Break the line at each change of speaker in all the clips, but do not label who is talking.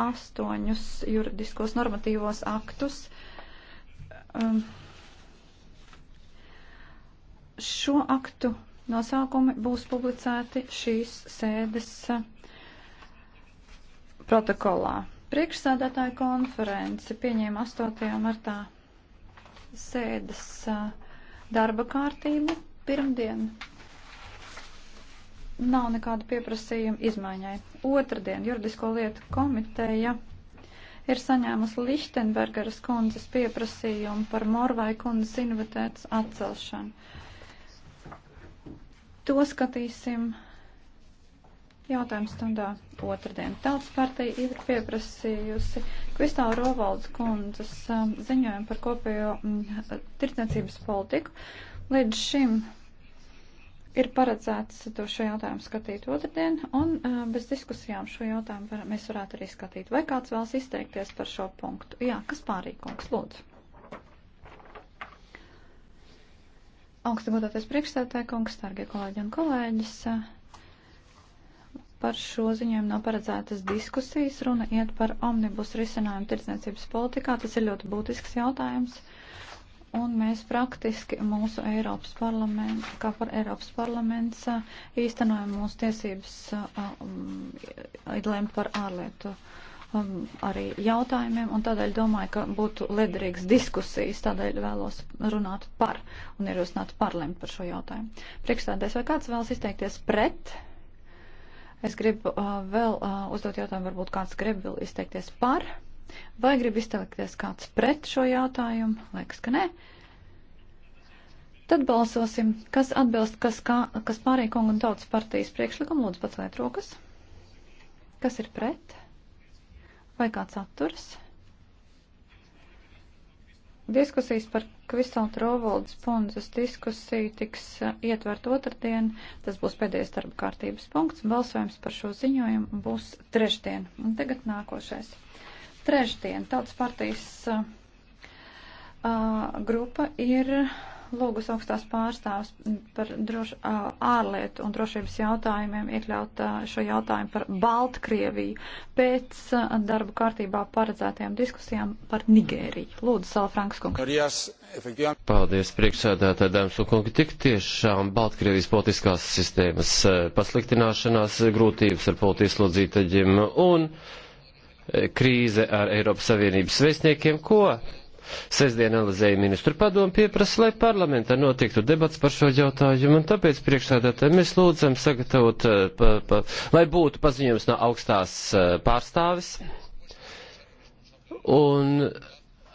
astoņus juridiskos normatīvos aktus. Um, šo aktu nosaukumi būs publicēti šīs sēdes uh, protokolā. Priekšsēdētāja konference pieņēma 8. martā sēdes uh, darba kārtību pirmdien nav nekādu pieprasījumu izmaiņai. Otradien juridisko lietu komiteja ir saņēmusi Lichtenbergeras kundzes pieprasījumu par Morvai kundzes invitētas atcelšanu. To skatīsim jautājumu stundā otrdien. Tautas partija ir pieprasījusi Kristāla Rovaldas kundzes um, ziņojumu par kopējo mm, tirdzniecības politiku. Līdz šim ir paredzēts to šo jautājumu skatīt otrdien, un uh, bez diskusijām šo jautājumu var, mēs varētu arī skatīt. Vai kāds vēlas izteikties par šo punktu? Jā, kas pārīkums, lūdzu. Augsta godāties priekšstādātāja kungs, tārgie kolēģi un kolēģis. Par šo ziņojumu nav paredzētas diskusijas. Runa iet par omnibus risinājumu tirdzniecības politikā. Tas ir ļoti būtisks jautājums. Uh, un mēs praktiski mūsu Eiropas parlaments, kā par Eiropas parlaments, īstenojam mūsu tiesības lēmt par ārlietu arī jautājumiem, un tādēļ domāju, ka būtu lederīgs diskusijas, tādēļ vēlos runāt par un ierosināt parlemt par šo jautājumu. Priekšstādēs, vai kāds vēlas izteikties pret? Es gribu uh, vēl uh, uzdot jautājumu, varbūt kāds grib vēl izteikties par. Vai grib izteikties kāds pret šo jautājumu? Liekas, ka nē. Tad balsosim, kas atbilst, kas, kā, kas pārīja kungu un tautas partijas priekšlikumu. Lūdzu, paceliet rokas. Kas ir pret? Vai kāds atturas? Diskusijas par Kvistalta Rovaldas pundzes diskusiju tiks eh, ietvert otrdien. Tas būs pēdējais darba kārtības punkts. Balsojums par šo ziņojumu būs trešdien. Un tagad nākošais. Trešdien Tautas partijas uh, grupa ir lūgus augstās pārstāvs par droš, uh, ārlietu un drošības jautājumiem iekļaut uh, šo jautājumu par Baltkrieviju pēc uh, darba kārtībā paredzētajām diskusijām par Nigēriju. Lūdzu, Salafrankas kungs.
Paldies, priekšsēdētāji, dāmas un kungi. Tik tiešām Baltkrievijas politiskās sistēmas pasliktināšanās, grūtības ar politieslodzītaģiem un Eh, krīze ar Eiropas Savienības vēstniekiem, ko Sesdien analizēja ministru padomu pieprasa, lai parlamentā notiktu debats par šo jautājumu, un tāpēc priekšsēdētāji mēs lūdzam sagatavot, eh, pa, pa, lai būtu paziņojums no augstās eh, pārstāvis, un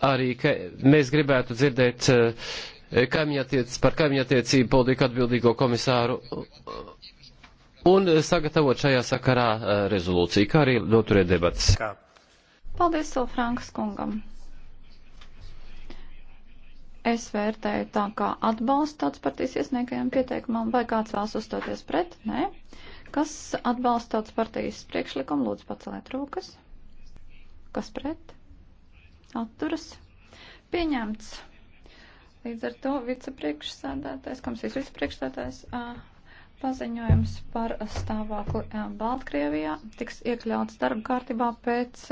arī, ka mēs gribētu dzirdēt kaimiņatiec, par kaimiņatiecību politiku atbildīgo komisāru un sagatavot šajā sakarā rezolūciju, kā arī noturēt debatas. Kā?
Paldies, Silfrankas kungam. Es vērtēju tā kā atbalstu tautas partijas iesniegajam pieteikumam, vai kāds vēlas uzstāties pret? Nē. Kas atbalsta tautas partijas priekšlikumu? Lūdzu, paceliet rokas. Kas pret? Atturas. Pieņemts. Līdz ar to vicepriekšsēdētājs, komisijas vicepriekšsēdētājs. Uh, paziņojums par stāvokli Baltkrievijā tiks iekļauts darba kārtībā pēc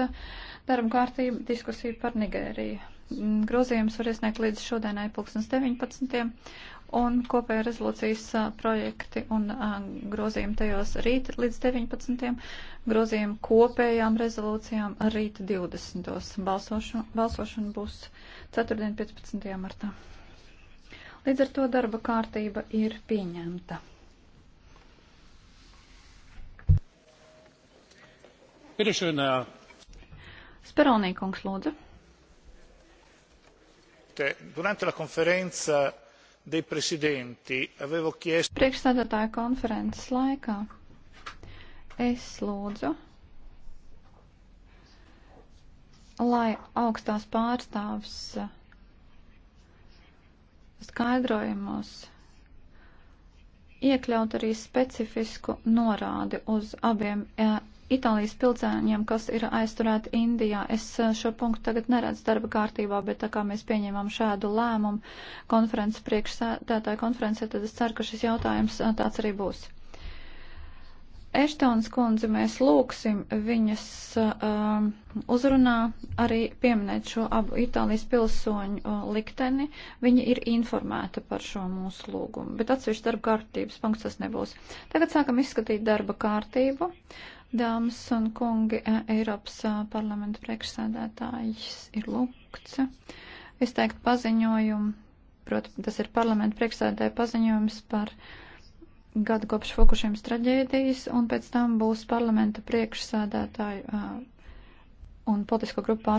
darba kārtība diskusija par Nigēriju. Mm, grozījums var iesniegt līdz šodienai 2019. un kopēja rezolūcijas projekti un grozījumi tajos rīt līdz 19. grozījumi kopējām rezolūcijām rīt 20. Balsošana, balsošana būs 4. 15. martā. Līdz ar to darba kārtība ir pieņemta. Speronī kungs, lūdzu.
Durante la konferenza dei presidenti avevo chiesto.
Priekšsēdētāja konferences laikā es lūdzu, lai augstās pārstāvs skaidrojumos iekļaut arī specifisku norādi uz abiem eh, Itālijas pilsēņiem, kas ir aizturēti Indijā. Es eh, šo punktu tagad neredzu darba kārtībā, bet tā kā mēs pieņēmām šādu lēmumu konferences priekšsēdētāja konferencē, tad es ceru, ka šis jautājums eh, tāds arī būs. Eštons kundzi mēs lūksim viņas um, uzrunā arī pieminēt šo abu Itālijas pilsoņu uh, likteni. Viņa ir informēta par šo mūsu lūgumu, bet atsevišķi darba kārtības punkts tas nebūs. Tagad sākam izskatīt darba kārtību. Dāmas un kungi, eh, Eiropas eh, parlamenta priekšsēdētājs ir lūgts izteikt paziņojumu, proti tas ir parlamenta priekšsēdētāja paziņojums par gadu kopš Fukušiemas traģēdijas, un pēc tam būs parlamenta priekšsēdētāju uh, un politisko grupu pārstāvju.